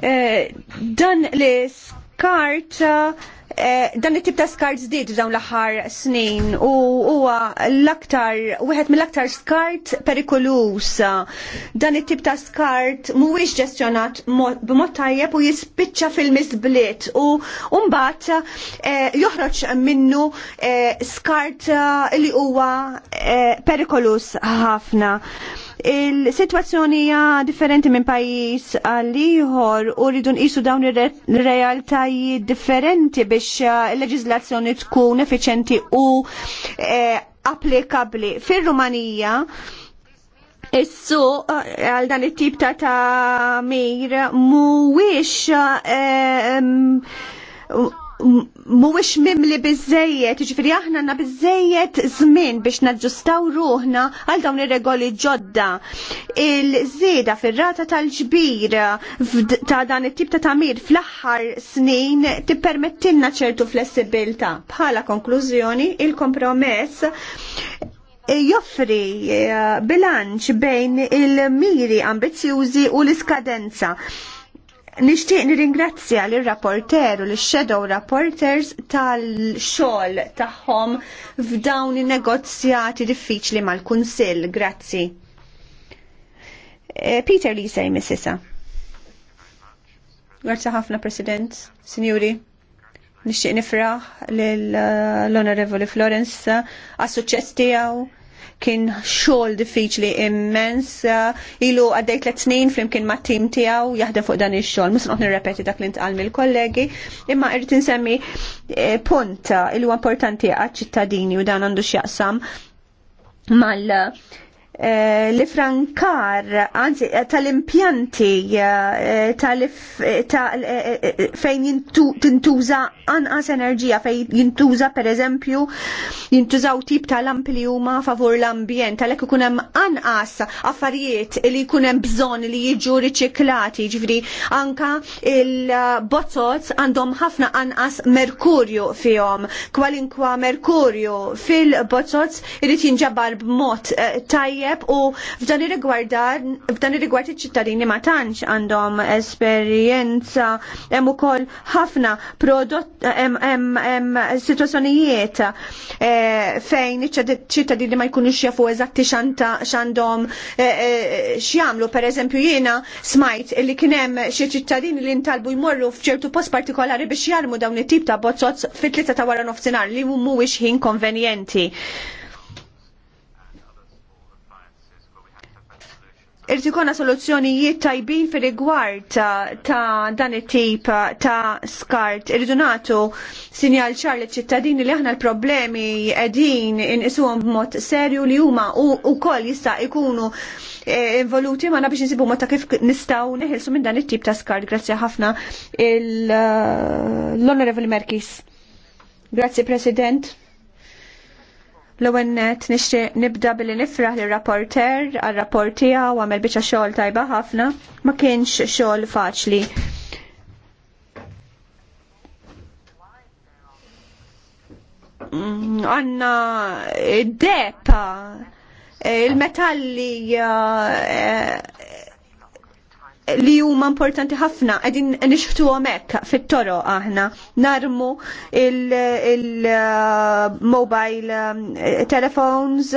Eh, dan li skart eh, dan it-tip ta' skart żdied f'dawn l-aħħar snin u huwa l-aktar wieħed mill-aktar skart perikolus. Dan it-tip ta' skart mhuwiex ġestjonat b'mod tajjeb u jispiċċa fil-misbliet u mbagħad eh, joħroġ minnu skart li huwa perikolus ħafna. Il-situazzjoni hija differenti minn pajjiż għal ieħor u rridu nqisu dawn ir-realtajiet differenti biex eh, il-leġiżlazzjoni tkun effiċenti u eh, applikabli. Fir-Rumanija Issu eh, għal dan it-tip ta' ta' mir mhuwiex mhuwiex mimli biżejjed, jiġifieri aħna għandna biżejjed żmien biex naġġustaw ruħna għal dawn ir-regoli ġodda. Il-żieda fir-rata tal-ġbir ta' dan it-tip ta' ta'mir fl-aħħar snin tippermettilna ċertu flessibilta. Bħala konklużjoni, il-kompromess joffri eh, bilanċ bejn il-miri ambizjużi u l-iskadenza. Nishtiq nirringrazzja l rapporter u l shadow rapporters tal-xol tagħhom f'dawn in-negozjati diffiċli mal-Kunsill. Grazzi. Eh, Peter Lisa jmissisa. Grazzi ħafna President, Sinjuri. Nixtieq nifraħ eh, l-Onorevoli Florence għas-suċċess tiegħu kien xogħol diffiċli immens, ilu għaddej tliet snin flimkien ma' tim tiegħu jaħdem fuq dan ix-xogħol. Mhux noqgħod nirrepeti dak li ntqal mill-kollegi, imma rrid insemmi eh, punt ilu importanti għaċ-ċittadini u dan għandu x'jaqsam mal Eh, li frankar, anzi, eh, tal-impjanti eh, fejn jintuża anqas enerġija, fejn jintuża per eżempju jintużaw tip ta' lampi li huma favur l-ambjent, għalhekk ikun hemm anqas affarijiet li jkun hemm bżonn li jiġu riċiklati, ġifri anka il-bozzot għandhom ħafna anqas merkurju fihom. Kwalinkwa merkurju fil-bozzot irid jinġabar b'mod tajjeb tajjeb u f'dan ir ir iċ-ċittadini ma tantx għandhom esperjenza hemm ukoll ħafna prodott hemm situazzjonijiet eh, fejn iċ-ċittadini ma jkunux jafu eżatti x'għandhom eh, eh, x'jagħmlu. Pereżempju jiena smajt li kien hemm xi ċittadini li ntalbu jmorru f'ċertu post partikolari biex jarmu dawn it-tip ta' bozzozz fit-tlieta ta' wara nofsinhar li mhuwiex ħin konvenjenti. irtikona soluzzjonijiet tajbin fil rigward ta', dan it-tip ta' skart. Irridu nagħtu sinjal ċar li ċittadini li aħna l-problemi in inqisuhom b'mod serju li huma wkoll jista' jkunu eh, involuti ma na biex nsibu mod ta' kif nistgħu neħilsu minn dan it-tip ta' skart. Grazzi ħafna eh, l-Honorable Merkis. Grazzi President. L-ewwel nett nixtieq nibda billi nifraħ lir rapporter għar rapport tiegħu għamel biċċa xogħol tajba ħafna, ma kienx xogħol faċli. Mm, għanna depa il-metalli eh, li huma importanti ħafna qegħdin nixħtu hemmhekk fit-toro aħna narmu il-mobile uh, um, telephones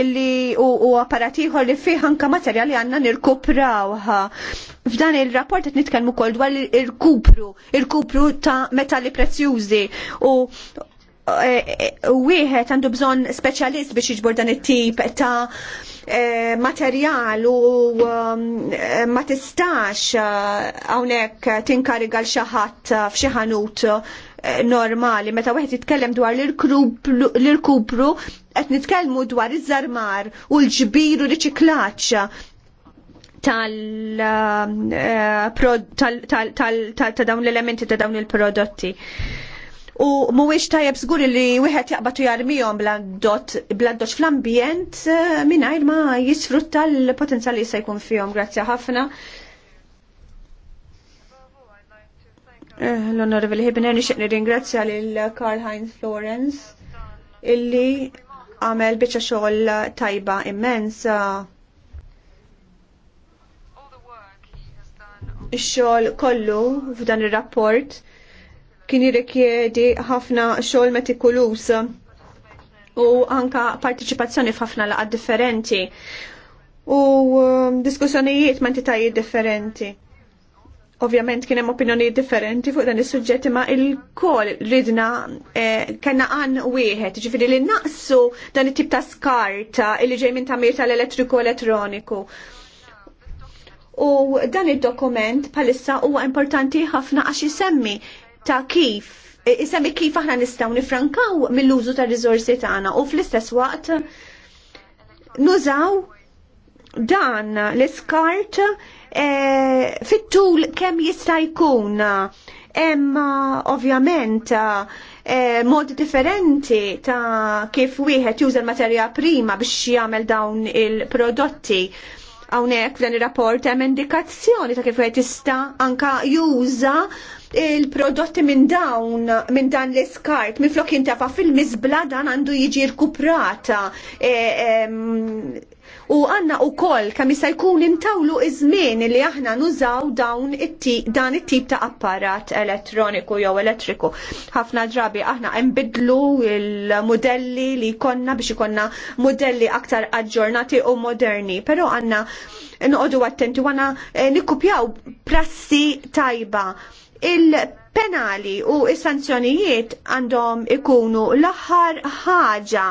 illi u ieħor li fih anke materjali għandna nirkuprawha. F'dan il-rapport qed nitkellmu wkoll dwar il-kupru, il-kupru ta' metalli prezzjużi u eh, eh, wieħed għandu bżonn speċjalist biex jiġbor dan it-tip ta' Eh, materjal u um, eh, ma tistax eh, hawnhekk tinkariga l xi ħadd f'xi ħanut normali, meta wieħed jitkellem dwar l-irkupru, qed nitkellmu dwar iż-żarmar u l-ġbir u riċiklaġġ tal-dawn l-elementi ta' dawn il-prodotti u mhuwiex tajjeb żgur li wieħed jaqbatu jarmihom blandoċ fl-ambjent eh, mingħajr ma jisfrutta l-potenzjal li se jkun fihom. Grazzi ħafna. Eh, L-Onorevoli Hibner nixtieq nirringrazzja lil Karl Heinz Florence illi għamel biċċa xogħol tajba immens. Ix-xogħol kollu f'dan ir-rapport kien jirrikjedi ħafna xogħol metikulus u anka partiċipazzjoni f'ħafna laqgħat differenti u um, diskussjonijiet ma' entitajiet differenti. Ovvjament kien hemm opinjonijiet differenti fuq dan is suġġetti ma il ridna eh, kellna għan wieħed, ġifieri li naqsu dan it-tip ta' skarta li ġej minn tagħmir tal-elettriku elettroniku. U dan id-dokument bħalissa huwa importanti ħafna għax isemmi ta' kif isemmi kif aħna nistgħu nifrankaw mill-użu ta' riżorsi tagħna u fl-istess waqt nużaw dan l-iskart e, fit-tul kemm jista' jkun hemm eh, ovvjament eh, modi differenti ta' kif wieħed juża l-materja prima biex jagħmel dawn il-prodotti hawnhekk f'dan ir-rapport hemm indikazzjoni ta' kif wieħed jista' anka juża il-prodotti minn dawn minn dan l-iskart minn flok jintafa fil-mizbla dan għandu jiġi rkuprata e, u għanna u koll kam jista' jkun intawlu iż-żmien li aħna nużaw dawn dan it-tip ta' apparat elettroniku jew elettriku. Ħafna drabi aħna nbidlu il-modelli li konna biex ikonna modelli aktar aġġornati u moderni, però għanna noqogħdu attenti għana eh, nikkupjaw prassi tajba il-penali u is-sanzjonijiet għandhom ikunu l-aħħar ħaġa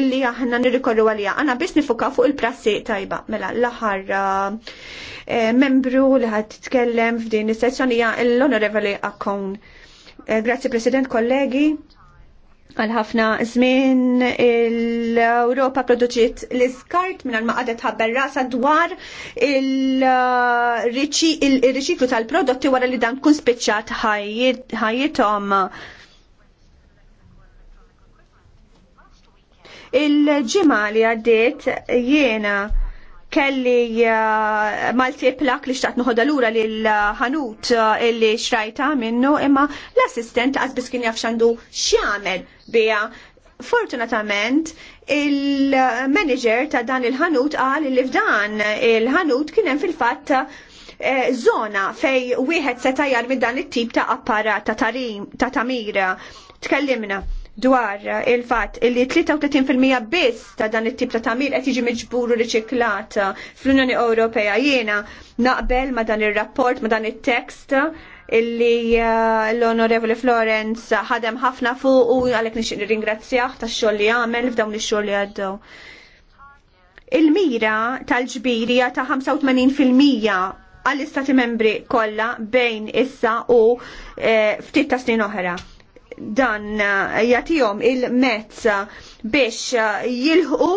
illi aħna nirrikorru għalija. Għana biex nifuka fuq il-prassi tajba, mela l-aħħar eh, eh, membru li ħad titkellem f'din is-sessjonija l-Onorevoli Akkon. Eh, grazzi President, kollegi għal ħafna żmien l-Ewropa produċiet l-iskart minn ma qadet ħabber rasa dwar il-riċiklu tal-prodotti wara li dan kun spiċċat ħajjithom. Il-ġimgħa li għaddiet jiena kelli uh, Malti plak li xtaqt nħodha lura lil uh, ħanut uh, illi xrajta minnu imma l-assistent għazbis kien jaf xiamel bija biha fortunatament il-manager ta' dan il-ħanut għal li f'dan il-ħanut kien hemm fil-fatt zona fej wieħed seta' jarmi dan it-tip ta' apparat ta' tamira. Tkellimna dwar il-fat li 33% biss ta' dan it-tip ta' tamil qed jiġi miġburu riċiklat fl-Unjoni Ewropea jiena naqbel ma' dan ir-rapport ma' dan it-tekst illi uh, l-Onorevoli Florence ħadem ħafna fuq u għalhekk nixtieq nirringrazzjah tax-xogħol li għamel f'dawn ix-xogħol li għaddew. Il-mira tal-ġbirija ta' 85% għall-istati membri kollha bejn issa u eh, ftit ta' snin oħra dan eh, jagħtihom il-mezz eh, biex eh, jilħqu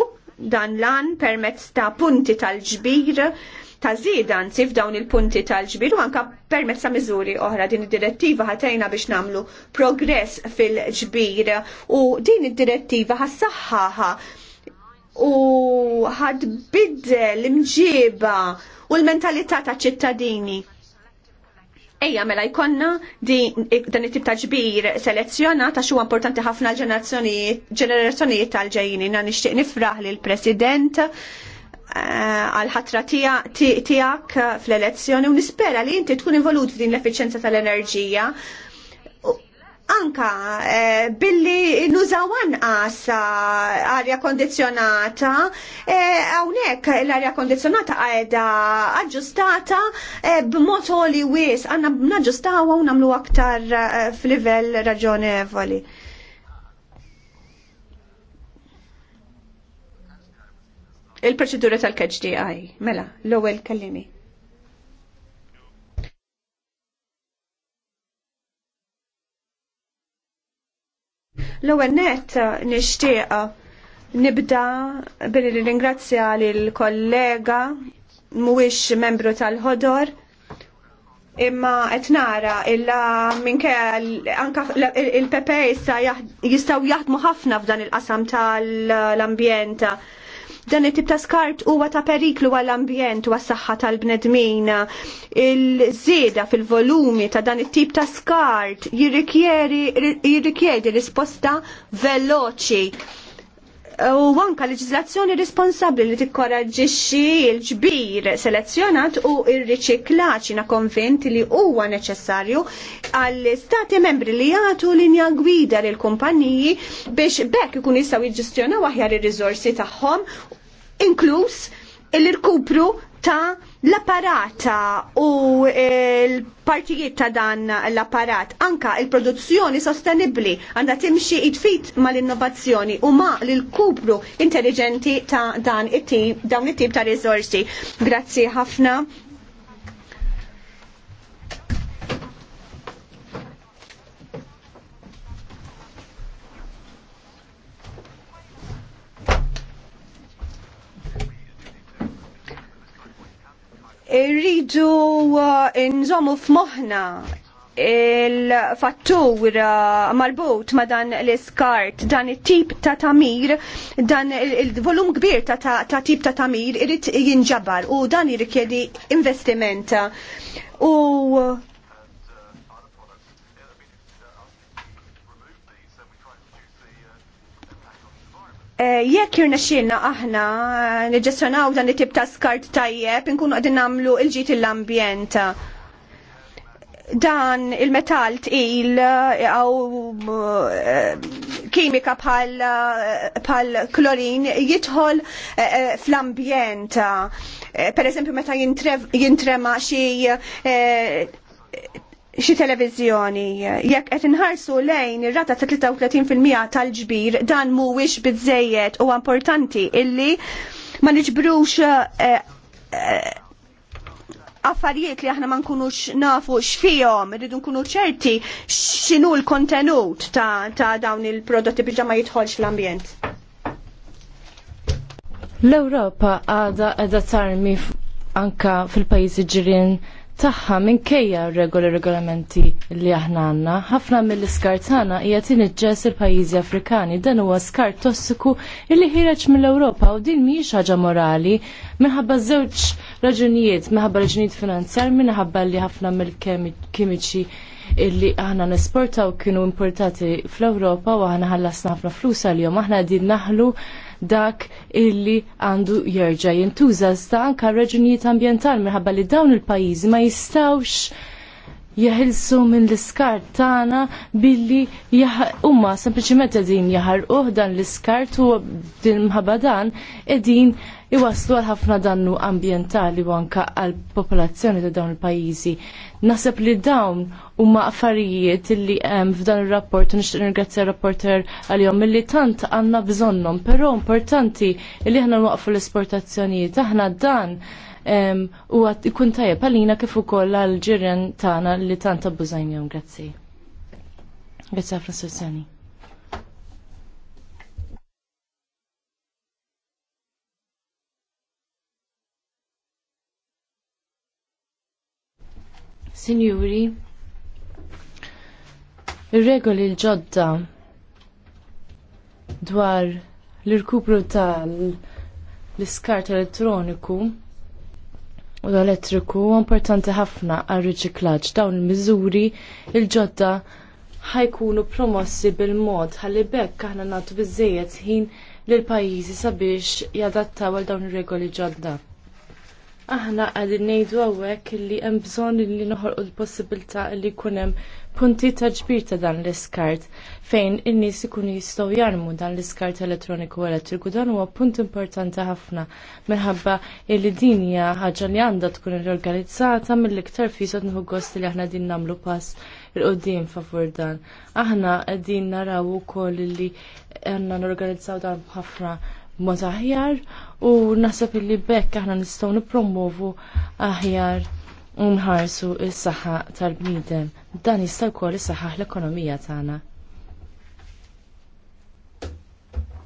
dan lan permezz ta' punti tal-ġbir ta' zidan sif dawn il-punti tal-ġbir u anka permezz ta' miżuri oħra din id-direttiva ħatejna biex namlu progress fil-ġbir u din id-direttiva ħassaħħaħa u ħadbidde l-imġiba u l-mentalità ta' ċittadini. Ejja, mela jkonna dan it-tip ta' ġbir ta' xu importanti ħafna ġenerazzjonijiet tal-ġejjini. Na nishtiq nifraħ li l-President eh, għal-ħatra tiegħek fl-elezzjoni u nispera li inti tkun involut f'din l-effiċenza tal-enerġija anka eh, billi nużaw anqas eh, arja kondizjonata, eh, hawnhekk eh, l-arja kondizjonata għedha aġġustata eh, b'mod li wies, għandna naġġustaw u nagħmlu aktar eh, f'livell raġonevoli. Il-proċedura tal-KHDI, mela, l-ewwel kallimi. L-ewwel nett nixtieq nibda billi ringrazzja lil kollega mhuwiex membru tal-ħodor imma qed nara illa minke anka il-PP jistgħu jaħdmu ħafna f'dan il-qasam tal-ambjenta. Dan it-tip ta' skart huwa ta' periklu għall-ambjent u għas-saħħa tal-bnedmin. Il-żieda fil-volumi ta' dan it-tip ta' skart jirrikjedi risposta veloċi u anka leġizlazzjoni responsabbli li tikkoraġġixxi l-ġbir selezzjonat u r-riċiklaġġ na konvent li huwa neċessarju għall stati membri li jagħtu linja gwida lil kumpaniji biex bekk ikun jistgħu jiġġestjonaw aħjar ir-riżorsi tagħhom inkluż il-rkupru ta' l-apparata u l-partijiet ta' dan l-apparat, anka il-produzzjoni sostenibli għandha timxi id-fit mal-innovazzjoni u ma l-kubru intelligenti ta' dan it-tip, dawn it-tip ta' rizorsi. Grazzi ħafna. Rridu uh, nżomu f'moħħna il-fattur uh, marbut ma dan l-iskart, dan it-tip ta' tamir, dan il-volum kbir ta, ta tip ta' tamir irrit jinġabar u dan jirrikjedi investimenta. U Eh, jekk jirna xilna aħna niġessjonaw dan li tip ta' skart tajjeb, nkunu għadin namlu il-ġit l-ambjent. Dan il-metall tqil għaw eh, eh, kimika bħal klorin jidħol fl-ambjent. Per eżempju, meta jintrema xi xi televiżjoni. Jekk qed inħarsu lejn ir-rata ta' 33% tal-ġbir dan mhuwiex biżejjed u importanti illi ma niġbrux eh, eh, affarijiet li aħna ma nkunux nafu x'fihom, irridu nkunu ċerti x'inhu l-kontenut ta', ta dawn il-prodotti biex ma jidħolx l-ambjent. L-Ewropa għadha qiegħda tarmi anka fil-pajjiżi ġirien minn minkejja regoli regolamenti li aħna għandna. Ħafna mill-iskar tagħna hija tinġess il-pajjiżi Afrikani. Dan huwa skar tossiku li ħireċ mill europa u din miex ħaġa morali minħabba żewġ raġunijiet, minħabba raġunijiet finanzjar, minħabba li ħafna mill-kimiċi illi aħna nesportaw kienu importati fl-Ewropa u aħna ħallasna ħafna flus għal-jom, aħna għadin naħlu dak illi għandu jerġa' jintuża sta anka raġunijiet ambjentali minħabba li dawn il-pajjiżi ma jistawx jahilsu minn l-iskart tagħna billi huma sempliċiment qegħdin jaħarquh dan l-iskart u din mħabba dan qegħdin iwaslu għal ħafna dannu ambjentali u anke għall popolazzjoni ta' dawn il-pajjiżi. Naħseb li dawn huma affarijiet li hemm f'dan ir-rapport u nixtieq il rapporter għal-jom milli tant għandna bżonnhom, però importanti li aħna nwaqfu l esportazzjoni aħna dan u għat ikun tajab għalina kif ukoll għal ġirren tagħna li tanta abbużajn jom, grazzi. Grazzi għafna Sussani. Signori, ir-regoli l-ġodda dwar l-irkupru tal l-iskart elettroniku u l-elettriku huwa importanti ħafna għar riċiklaġġ dawn il-miżuri il-ġodda ħajkunu promossi bil-mod ħalli bekk aħna nagħtu biżejjed ħin lil pajjiżi sabiex jadattaw għal dawn ir-regoli ġodda. Aħna għadin nejdu għawek li hemm bżonn li noħolqu l-possibilità li jkun hemm punti ta' ġbir ta' dan l-iskart fejn in-nies ikunu jistgħu jarmu dan l-iskart elettroniku elettriku dan huwa punt importanti ħafna minħabba li din hija ħaġa li għandha tkun organizzata mill-iktar fisod nħu gost li aħna din nagħmlu pass il-qoddim favur dan. Aħna qegħdin naraw ukoll li għandna norganizzaw dan b'ħafna mod aħjar u naħseb illi bekk aħna nistgħu nippromovu aħjar u nħarsu s-saħħa tal-bniedem. Dan jista' wkoll isaħħaħ l-ekonomija tagħna.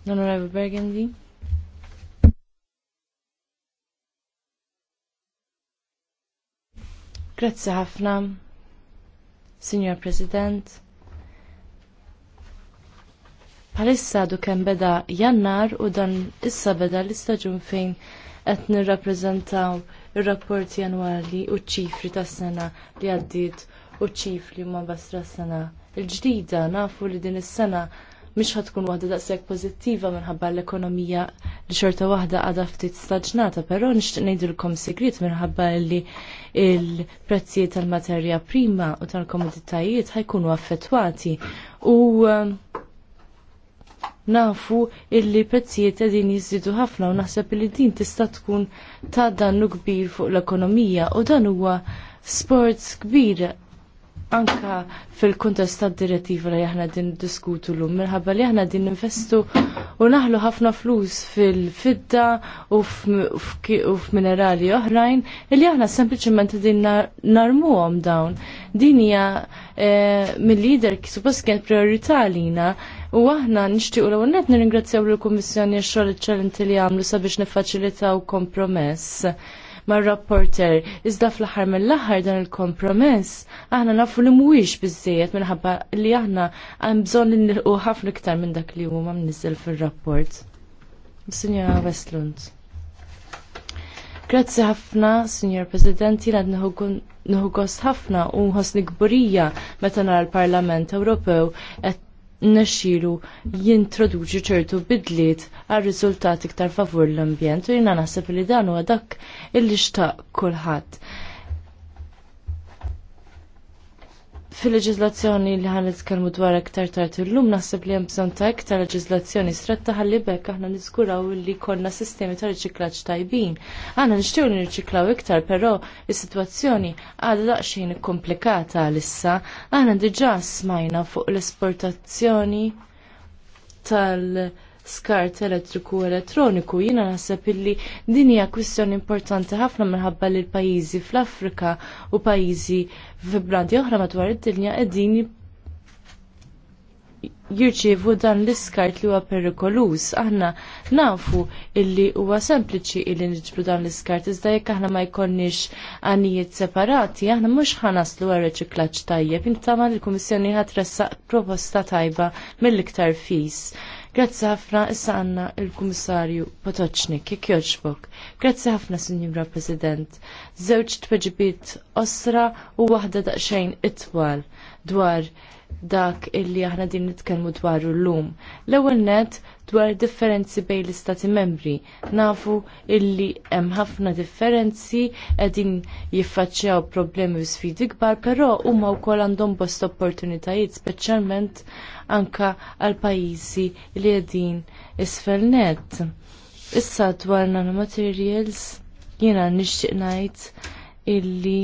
L-Onorevole Burgundy. Grazzi ħafna, Signor President. Palissa du kem beda jannar u dan issa beda l-istaġun fejn qed nirrappreżentaw ir-rapporti annwali u ċifri tas-sena li għaddiet u ċifri ma basra sena il-ġdida nafu li din is-sena mhix ħatkun waħda daqshekk pożittiva minħabba l-ekonomija li xorta waħda għadha ftit staġnata, però nixtieq ngħidilkom segret minħabba li l-prezzijiet tal-materja prima u tal-komoditajiet ħajkunu affettwati. U nafu illi prezzijiet qegħdin jiżidu ħafna u naħseb li din tista' tkun ta' dannu kbir fuq l-ekonomija u dan huwa sports kbir anka fil-kuntest tad direttiva li aħna din diskutu l-lum, minħabba li aħna din investu u naħlu ħafna flus fil-fidda u f'minerali oħrajn, li aħna sempliciment din narmuhom dawn. Din hija eh, mill-lider suppost kien priorità lina U aħna nixtiequ l-ewwel nir nirringrazzjaw lill-Kummissjoni xoħli xogħol li għamlu sabiex niffaċilitaw kompromess mar-rapporter. Iżda fl-aħħar mill-aħħar dan il-kompromess, aħna nafu li mhuwiex biżejjed minħabba li aħna hemm bżonn nilqu ħafna iktar minn dak li huma mniżel fir-rapport. Sinjora Westlund. Grazzi ħafna, Sinjor President, jina nħu gost ħafna u nħosni gburija meta nara l-Parlament Ewropew qed nexxielu jintroduċi ċertu bidliet għal riżultati iktar favur l-ambjent u jiena naħseb li dan huwa dak li xtaq kulħadd. fil-leġizlazzjoni li ħan nitkellmu dwar aktar tard illum naħseb li hemm bżonn ta' aktar leġizlazzjoni stretta ħalli bekk aħna niżguraw li konna sistemi ta' riċiklaġġ tajbin. Aħna nixtiew li nirċiklaw iktar, però is-sitwazzjoni għadha daqsxejn komplikata għalissa. Aħna diġà smajna fuq l-esportazzjoni tal- skart elettriku u elettroniku. Jiena naħseb illi din hija kwistjoni importanti ħafna minħabba li l-pajjiżi fl-Afrika u pajjiżi vibranti oħra madwar id-dinja qegħdin jirċievu dan l-iskart li huwa perikoluż. Aħna nafu illi huwa sempliċi illi niġbru dan l-iskart iżda jekk aħna ma jkollniex għanijiet separati, aħna mhux ħanaslu għal reċiklaġġ tajjeb. Intama l-Kummissjoni ħatressaq proposta tajba mill-iktar fis. Grazzi ħafna issa għanna il-Kummissarju Potoċnik, kik joċbok. Grazzi ħafna, Sinjura President. Żewġ tweġibiet osra u waħda daqsxejn itwal dwar dak illi aħna din nitkellmu dwaru l-lum. L-ewwel net dwar differenzi bejn l-istati membri. Nafu illi hemm ħafna differenzi qegħdin jiffaċċjaw problemi u sfidi kbar, però huma wkoll għandhom bost opportunitajiet speċjalment anka għal pajjiżi li qegħdin isfel net. Issa dwar nanomaterials jiena nixtieq ngħid illi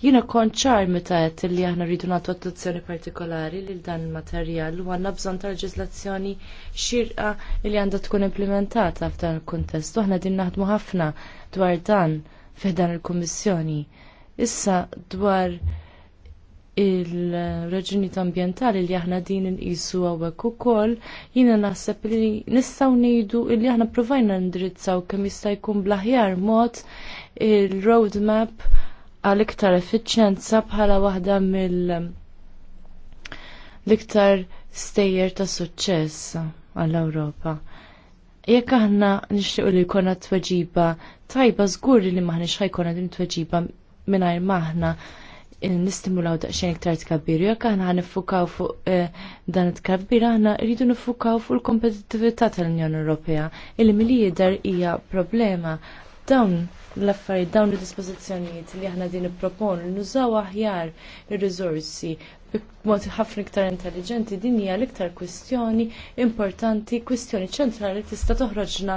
Jina konċar meta għet li aħna rridu nagħtu attenzjoni partikolari lil dan il-materjal u għandna bżonn ta' leġislazzjoni xirqa li għandha tkun implementata f'dan il-kuntest. U aħna din naħdmu ħafna dwar dan f'dan il-Kummissjoni. Issa dwar il-raġuni ambjentali li aħna din għawek hawnhekk ukoll, jiena naħseb li nistgħu ngħidu li aħna provajna ndirizzaw kemm jista' jkun bl-aħjar mod il-roadmap għal iktar effiċjenza bħala waħda mill um, l-iktar stejjer ta' suċċess għall-Ewropa. Jekk aħna nixtiequ li jkollna tweġiba tajba żgur li maħniex ħajkonna din tweġiba mingħajr maħna eh, nistimulaw daqsxejn iktar tkabbir. Jekk aħna nifukaw fuq eh, dan it-tkabbir aħna rridu nifukaw fuq il-kompetittività tal-Unjoni Ewropea illi milli jidher hija problema dawn l-affarijiet dawn id-dispożizzjonijiet li aħna din ipproponu, nużaw aħjar ir-riżorsi b'mod ħafna iktar intelligenti din hija l-iktar kwistjoni importanti, kwistjoni ċentrali tista' toħroġna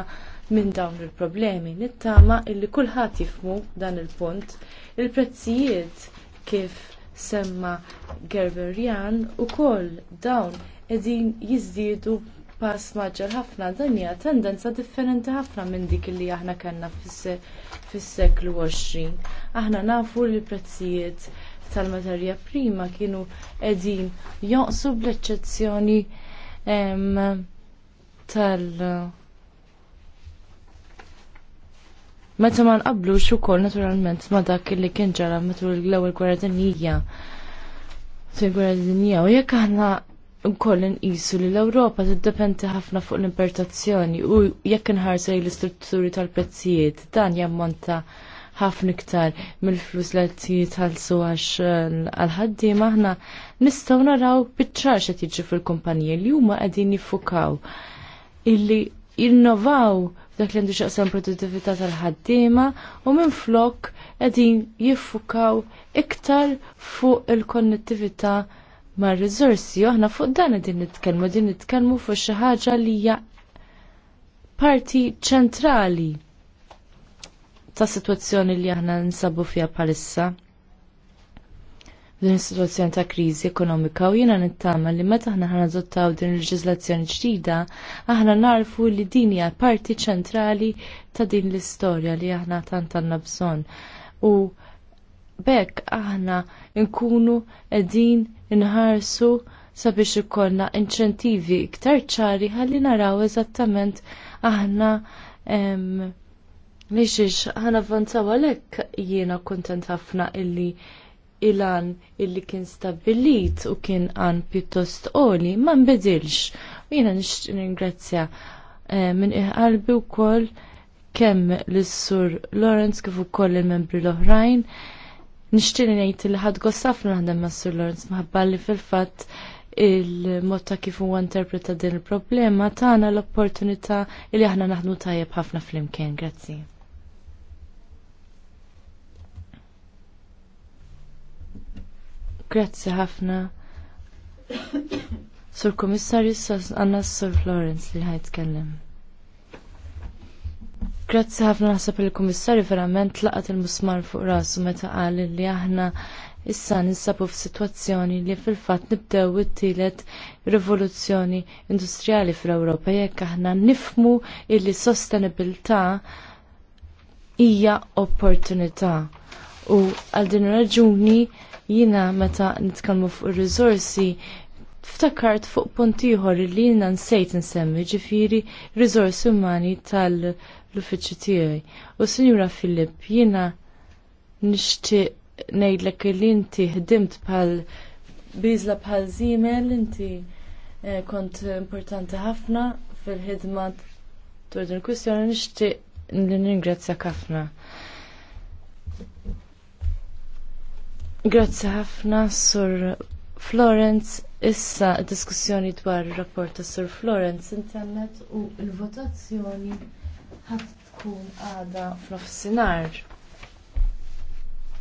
minn dawn il-problemi. Nittama illi kulħadd jifmu dan il-punt il-prezzijiet kif semma Gerberjan ukoll dawn qegħdin jiżdiedu pass maġġor ħafna dan hija tendenza differenti ħafna minn dik li aħna kellna fis-seklu 20. Aħna nafu li prezzijiet tal-materja prima kienu qegħdin jonqsu bl-eċċezzjoni tal- Meta ma nqablux ukoll naturalment ma dak li kien ġara matul l-ewwel gwerra dinjija gwerra dinjija u jekk aħna nkoll nqisu li l-Ewropa tiddependi ħafna fuq l-importazzjoni u jekk inħarsu l-istrutturi tal-prezzijiet dan jammonta ħafna iktar mill-flus li qed jitħallsu għax eh, għal-ħaddiem aħna nistgħu naraw biċċar x'qed jiġi fil-kumpaniji li huma qegħdin jiffukaw illi jinnovaw dak li għandu xaqsam produttività tal-ħaddiema u minn flok qegħdin jiffukaw iktar fuq il-konnettività il konnettività ma' rizorsi aħna fuq dan din nitkellmu din nitkellmu fuq xi ħaġa li hija parti ċentrali ta' situazzjoni li aħna nsabu fija palissa. Din is-sitwazzjoni ta' kriżi ekonomika u jiena nittama li meta aħna ħanadottaw din il-leġiżlazzjoni ġdida, aħna narfu li din hija parti ċentrali ta' din l-istorja li aħna tant għandna bżonn. U bekk aħna nkunu qegħdin inħarsu sabiex ikollna inċentivi iktar ċari ħalli naraw eżattament aħna Mixiex, ħana avvanzaw għalek jiena kontent ħafna illi il-għan illi kien stabilit u kien għan pjuttost oli ma nbidilx. U jiena ningrazzja eh, minn iħalbi u koll kemm l-sur Lawrence kif ukoll il-membri l-oħrajn Nixtieq ngħid li ħad ħafna naħdem ma' Sur Lawrence maħabba li fil-fatt il-mod ta' kif huwa interpreta din il-problema tagħna l-opportunità li aħna naħdmu tajjeb ħafna flimkien. Grazzi. Grazzi ħafna. Sur Komissarju Anna Sur Florence li ħajtkellem. Grazzi ħafna naħseb il-Kummissarju verament laqat il-musmar fuq rasu meta qal li aħna issa ninsabu f'sitwazzjoni li fil-fatt nibdew it-tielet rivoluzzjoni industrijali fl-Ewropa jekk aħna nifmu illi sostenibilità hija opportunità. U għal din raġuni jina meta nitkellmu fuq ir-riżorsi ftakart fuq punt ieħor li jiena nsejt nsemmi ġifieri riżorsi umani tal- l-uffiċċju tiegħi. U Sinjura Filipp, jiena nixtieq ngħidlek li inti ħdimt bħal biżla bħal żiemel inti eh, kont importanti ħafna fil-ħidma dwar din il-kwistjoni nixtieq li ningrazzjak ħafna. Grazzi ħafna sur Florence, issa diskussjoni dwar ir rapport ta' Sur Florence internet u l-votazzjoni ħad tkun għada f'nofsinhar.